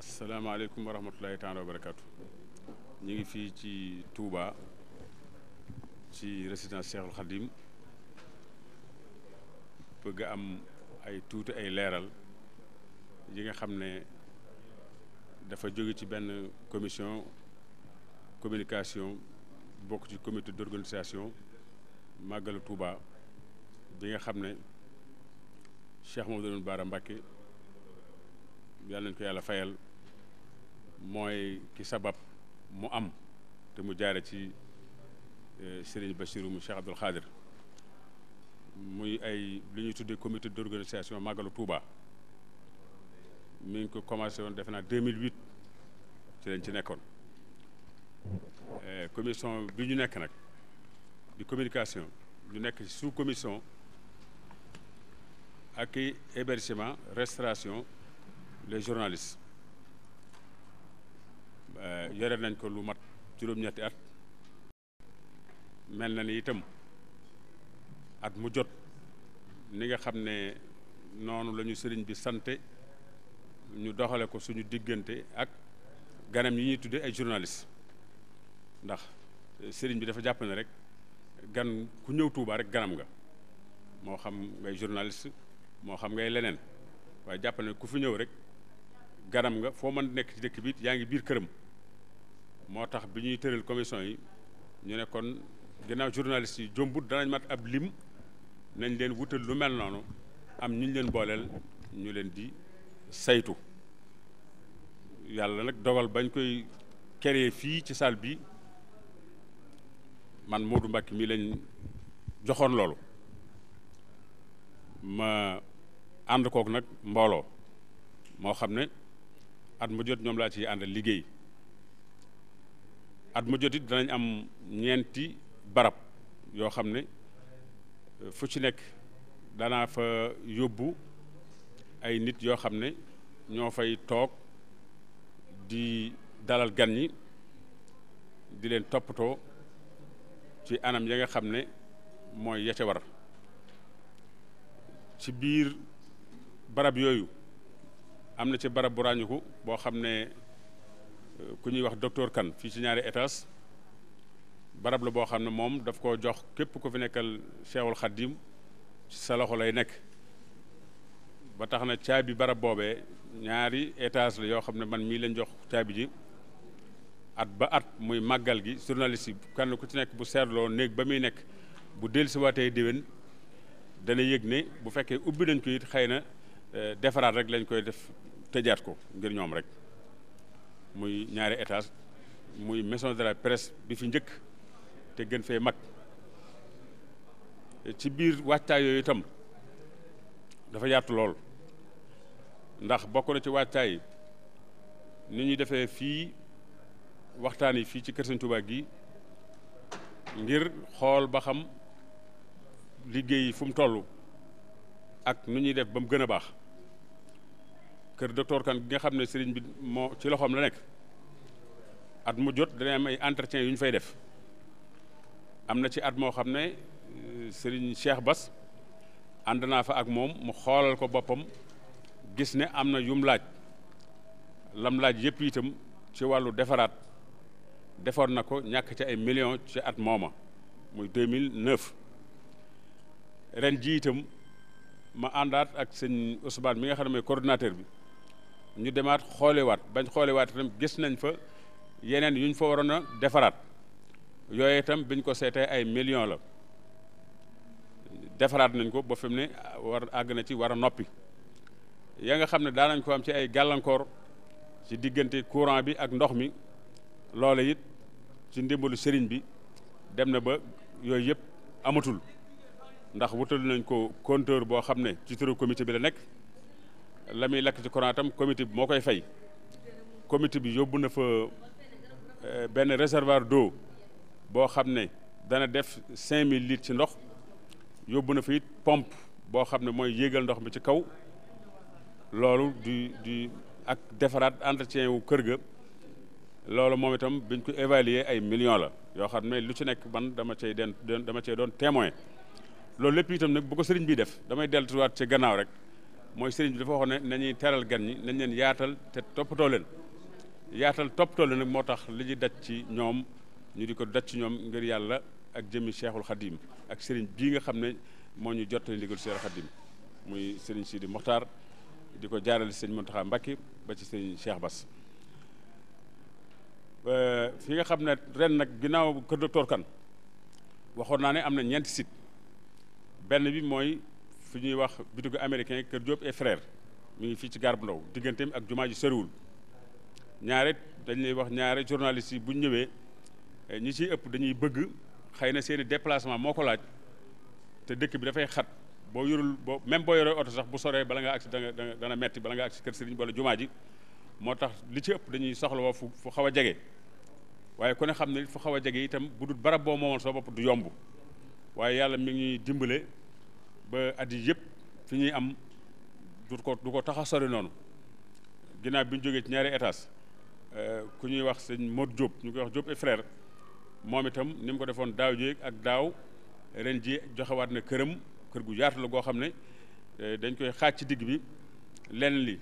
asalaamaaleykum wa rahmatulahi taala wa barakaatu ñu ngi fii ci Touba ci résidence Cheikhul Khadim bëgg am ay tuuti ay leeral yi nga xam ne dafa jóge ci benn commission communication bokk ci comité d'organisation màggalu Touba bi nga xam ne Cheikh Mamadou Bara Mbacké yàlla nañ ko yàlla fayal mooy ki sabab mu am te mu jaare ci e, Serigne Bassirou mu Cheikh Abdoul Khadir muy ay li ñuy tuddee comité d'organisation Magalu Touba mi ngi ko commencé woon defe naa 2008 ci lañ ci nekkoon e, commission bi ñu nekk nag di communication ñu nekk sous commission i hébergement restauration les journalistes Euh, yore nañ ko lu mat juróom-ñetti at mel na ni itam at mu jot ni nga xam ne noonu la ñu sëriñ bi sante ñu doxale ko suñu diggante ak ganam yi ñuy tudde ay journaliste ndax euh, sëriñ bi dafa jàpp rek gan ku ñëw Tuubaa rek ganam nga moo xam ngay journaliste moo xam ngay leneen waaye jàpp ne ku fi ñëw rek ganam nga foo mën nekk ci dëkk bi yaa ngi biir këram moo tax bi ñuy tëral commission yi ñu ne kon ginnaaw journaliste yi jombut danañ mat ab lim nañ leen wutal lu mel noonu am ñu leen booleel ñu leen di saytu yàlla nag dogal bañ koy créer fii ci salle bi man Modou Mbacké mi lañ joxoon loolu ma ànd kook nag mbooloo moo xam ne at mu jot ñoom laa ciy àndal liggéey at mu jot it danañ am ñeenti barab yoo xam ne euh, fu ci nekk danaa fa yóbbu ay nit yoo xam ne ñoo fay toog di dalal gan ñi di leen toppatoo ci anam ya nga xam ne mooy ya ca war ci biir barab yooyu am na ci barab bu ràññiku boo xam ne ku ñuy wax docteur kan fii ci ñaari étage barab la boo xam ne moom daf koo jox képp ku fi nekkal Cheikhul Khadim ci sa loxo lay nekk ba tax na caabi barab boobee ñaari étage la yoo xam ne man mii lañ jox caabi ji at ba at muy màggal gi journaliste yi kenn ku ci nekk bu seetloo néeg ba muy nekk bu dellusiwaatee déwén dana yëg ne bu fekkee ubbi nañ ko it xëy na eh, defaraat rek lañ koy def tëjaat ko ngir ñoom rek. muy ñaari étage muy maison de la presse bi fi njëkk te gën fee mag ci biir waajtaay yooyu itam dafa yaatu lool ndax bokk na ci waajtaay yi ni ñuy defee fii waxtaan yi fii ci Kër Sëñ Touba gi ngir xool ba xam liggéey fu mu toll ak nu ñuy def ba mu gën a baax kër docteur kan nga xam ne sëriñ bi moo ci loxoom la nekk at mu jot dana am ay entretien yu ñu fay def am na ci at moo xam ne euh, sëriñ Cheikh bas ànd naa fa ak moom mu xoolal ko boppam gis ne am na yum laaj lam laaj yëpp itam ci wàllu defaraat defoon na ko ñàkk ci ay millions ci at mooma muy 2009 ren ji itam ma àndaat ak sëñ Ousmane mi nga xam ne mooy coordinateur bi ñu demaat xoolewaat bañ xoolewaat itam gis nañ fa yeneen yu ñu fa waroon a defaraat yooyu itam biñ ko seetee ay millions la defaraat nañ ko ba fi mu ne war na ci war a noppi ya nga xam ne daan ko am ci ay gàllankoor ci diggante courant bi ak ndox mi loole it ci ndimbalu sëriñ bi dem na ba yooyu yëpp amatul ndax wutal nañ ko conteur boo xam ne ci turu commité bi la nekk la lakk ci courant tam comité bi moo koy fay comité bi yóbbu na fa euh, benn réservoir do boo xam ne dana def cinq mille litres ci ndox yóbbu na fa it pompe boo xam ne mooy yéegal ndox mi ci kaw loolu du du ak defaraat entretien wu kër ga loolu moom itam biñ ko évaluer ay millions la yoo xam ne lu ci nekk man dama cay den dama cey doon témoin loolu lépp itam nag bu ko sëriñ bi def damay delluwaat ci gannaaw rek mooy sëriñ bi dafa waxoon ne nañuy teral gan ñi nañ leen yaatal te toppatoo leen yaatal toppatoo leen nag moo tax li ñu daj ci ñoom ñu di ko daj ci ñoom ngir yàlla ak jëmmi Cheikhul Khadim ak sëriñ bii nga xam ne moo ñu jot jottali ndigal Cheikhul Khadim muy sëriñ Sidi Mokhtar di ko jaarale sëriñ Mountakha Mbacké ba ci sëriñ Cheikh Bass fi nga xam ne ren nag ginnaaw kër docteur Kane waxoon naa ne am na ñeenti sit benn bi mooy fi ñuy wax bitigu américain Kër Diop et frère mi ngi fii ci Gare bu Ndaw digganteem ak jumaa ji soriwul ñaare dañ lay wax ñaare journaliste yi bu ñu ñëwee eh, ñi ci ëpp dañuy bëgg xëy na seen i déplacement moo ko laaj te dëkk bi dafay xat boo yorul boo même boo yoree oto sax bu soree bala nga agsi danga dana metti bala nga agsi kër sëriñ wala jumaa ji moo tax li ci ëpp dañuy soxla woo fu fu xaw a jege waaye ku ne xam ne fu xaw a jege itam bu dul barab boo moomoon soo bopp du yomb waaye yàlla mi ngi dimbale ba at yi yëpp fi ñuy am du ko du ko tax a sori noonu ginaar bi ñu jógee ci ñaari étage euh, ku ñuy wax sëñ Modou Diop ñu koy wax Diop et frère moom itam ni ko defoon daaw jéeg ak daaw ren ji joxewaat na këram kër gu yaatu la goo xam ne euh, dañ koy xaaj ci digg bi lenn li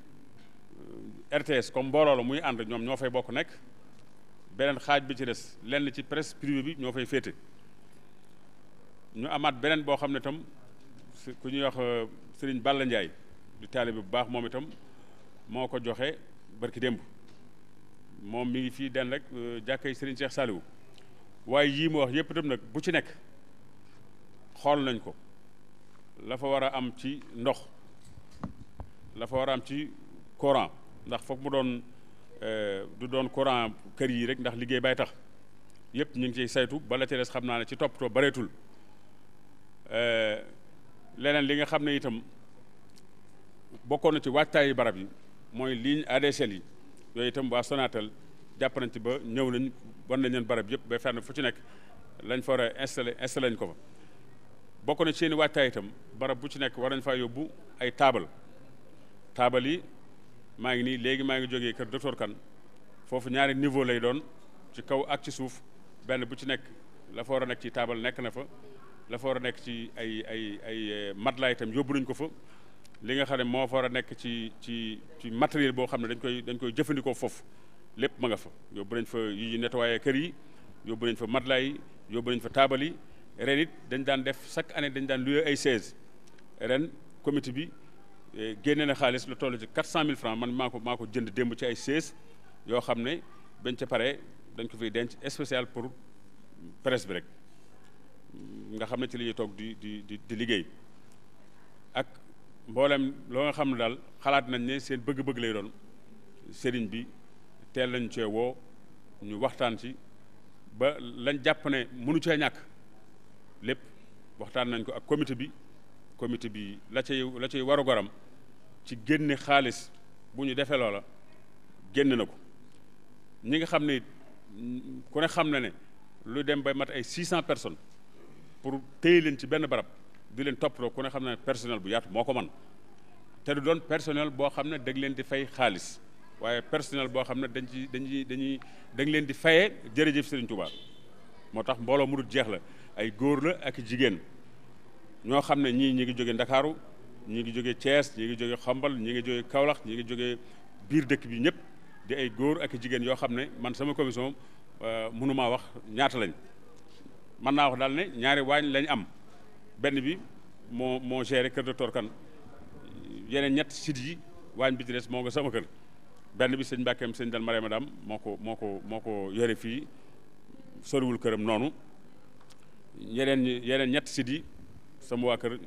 euh, RTS comme mbooloo la muy ànd ñoom ñoo fay bokk nekk beneen xaaj bi ci des lenn ci presse privée bi ñoo fay féete ñu amaat beneen boo xam ne tam ku ñuy wax euh, sëriñ Balla Ndiaye di taalibe bu baax moom itam moo ko joxe barki démb moom mi ngi fii den rek euh, jàkkay sëriñ Cheikh Saliou waaye yii mu wax yëpp itam nag bu ci nekk xool nañ ko la fa war a am ci ndox la fa war a am ci courant ndax foog mu doon euh, du doon courant kër yi rek ndax liggéey bay tax yëpp ñu ngi ciy saytu bala ci des xam naa ne ci toppatoo bareetul leneen li nga xam ne itam bokkoon na ci waajtaayu barab yi mooy ligne ADSL yi yooyu itam waa Sonatel jàpp nañ ci ba ñëw nañ wan nañ leen barab yëpp ba fenn fu ci nekk lañ fa war a installé installé ko fa bokk na ci seen waajtaay itam barab bu ci nekk war nañ faa yóbbu ay taabal taabal yi maa ngi nii léegi maa ngi jógee kër docteur Kane foofu ñaari niveau lay doon ci kaw ak ci suuf benn bu ci nekk la fa war a nekk ci taabal nekk na fa la war a nekk ci ay ay ay eh, matelas itam yóbbu nañ ko fa li nga xam ne moo fa war a nekk ci ci ci matériel boo xam ne dañ koy dañ koy jëfandikoo foofu lépp ma nga fa yóbbu nañ fa yi nettoyé kër yi yóbbu nañ fa matelas yi yóbbu nañ fa taabal yi ren it dañ daan def chaque année dañ daan loué ay seize ren comité bi eh, génnee na xaalis lu toll ci quatre cent mille francs man maa ko maa ko jënd démb ci ay seize yoo xam ne bañ ca pare dañ ko fiy denc spécial pour presse bi rek nga xam ne ci li ñuy toog di di di di liggéey ak mboolem loo nga xam ne daal xalaat nañ ne seen bëgg-bëgg lay doon sëriñ bi teel lañ cee woo ñu waxtaan ci ba lañ jàpp ne mënu cee ñàkk lépp waxtaan nañ ko ak comité bi comité bi la cay la cay waru goram ci génne xaalis bu ñu defee loola génn na ko ñi nga xam ne ku ne xam na ne lu dem ba mat ay cent personnes pour téye leen ci benn barab di leen toppatoo ku ne xam ne personnel bu yaatu moo ko man te du doon personnel boo xam ne dañ leen di fay xaalis waaye personnel boo xam ne dañ ci dañuy dañuy dañ leen di fayee jërëjëf Serigne Touba moo tax mbooloo mu dul jeex la ay góor la ak jigéen ñoo xam ne ñii ñi ngi jóge Ndakaaru ñi ngi jóge Thiès ñi ngi jóge Xombal ñi ngi jóge kawlax ñi ngi jóge biir dëkk bi ñëpp di ay góor ak jigéen yoo xam ne man sama commission euh, mënumaa wax ñaata lañ mën naa wax daal ne ñaari waañ lañ am benn bi moo moo géré kër docteur Kane yeneen ñett sit yi waañ bi ci des moo nga sama kër benn bi sëñ Mbàkkeem sëñ Dal Mariama Dam moo ko moo ko moo ko yore fii soriwul këram noonu yeneen yeneen ñett sit yi sama waa kër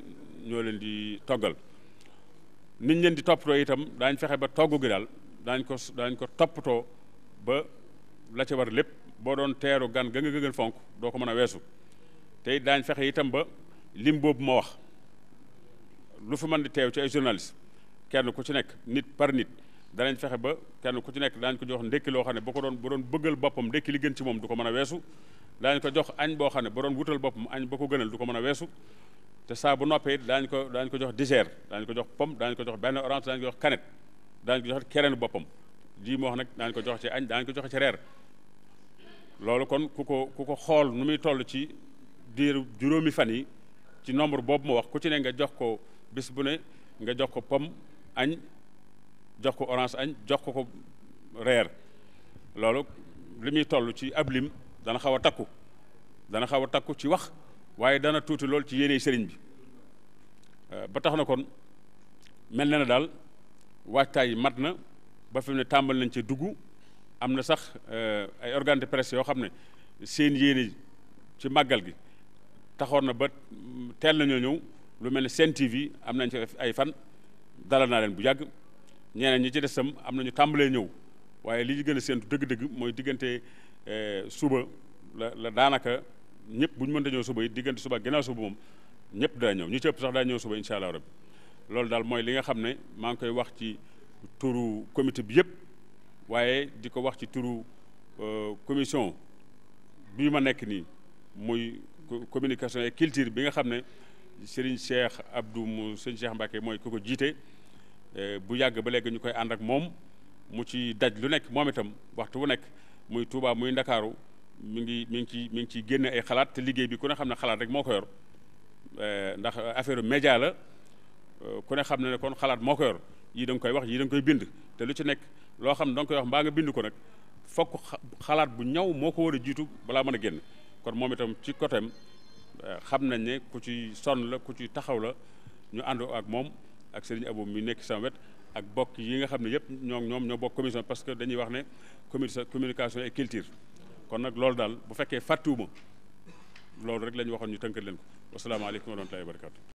ñoo leen di toggal niñ leen di toppatoo itam daañ fexe ba togg gi daal daañ ko daañ ko toppatoo ba la ca war lépp boo doon teeru gan ga nga gën fonk doo ko mën a weesu tey daañ fexe itam ba lim boobu ma wax lu fu mën di teew ci ay journaliste kenn ku ci nekk nit par nit danañ fexe ba kenn ku ci nekk daañ ko jox ndékki loo xam ne bu ko doon bu doon bëggal boppam ndékki li gën ci moom du ko mën a weesu daañ ko jox añ boo xam ne bu doon wutal boppam añ boo ko gënal du ko mën a weesu te saa noppee daañu ko daañu ko jox dessert daañu ko jox pomme daañ ko jox benn orange daañu ko jox canette daañu ko jox boppam lii moo nag daañu ko jox ci añ daañu ko jox reer loolu kon ku ko ku ko xool nu muy toll ci diir juróomi fan yi ci nombre boobu ma wax ku ci ne nga jox ko bis bu ne nga jox ko pomme añ jox ko orange añ jox ko ko reer loolu li muy toll ci ab lim dana xaw a takku dana xaw a takku ci wax waaye dana tuuti lool ci yéene sëriñ bi euh, ba tax na kon mel na ne daal waajtaay yi mat na ba fi ne tàmbal nañ cee dugg am na sax euh, ay organe de presse yoo xam ne seen yéene ci màggal gi taxoon na ba teel nañoo ñëw lu mel ne Sen TV am nañ ci ay fan dalal naa leen bu yàgg ñeneen ñi ci des tam am nañu tàmbalee ñëw waaye li ñu gën a séentu dëgg-dëgg mooy diggante euh, suba la la daanaka ñëpp bu ñu mënta ñëw suba yi diggante suba ginnaaw suba moom ñëpp daa ñëw ñu ci ëpp sax daa ñëw suba incha allah rabbi loolu daal mooy li nga xam ne maa ngi koy wax ci turu comité bi yëpp waaye di ko wax ci turu euh, commission bi ma nekk nii muy communication et culture bi nga xam ne Serigne Cheikh Abdou mu Serigne Cheikh Mbacke mooy ku ko jiite euh, bu yàgg ba léegi ñu koy ànd ak moom mu ci daj lu nekk moom itam waxtu wu nekk muy Touba muy Ndakaaru mi ngi mi ngi ci mi ngi ciy génne ay xalaat te liggéey bi ku ne xam ne xalaat rek moo ko yor euh, ndax affaire média la ku ne xam ne ne kon xalaat moo ko yor yii da koy wax yii da koy bind te lu ci nekk loo xam ne danga koy wax mbaa nga bind ko nag fokk xalaat bu ñaw moo ko war a jiitu balaa mën a génn kon moom itam ci côté am eh, xam nañ ne ku ci sonn la ku ci taxaw la ñu ànd ak moom ak Serigne Abou mi nekk sama wet ak bokk yi nga xam ne yëpp ñoo ñoom ñoo bokk commission parce que dañuy wax ne communication et culture kon nag loolu daal bu fekkee fàttiwuma loolu rek la ñu waxoon ñu tënkal leen ko a wasalaamaaleykum wa rahmatullahi wa barakatu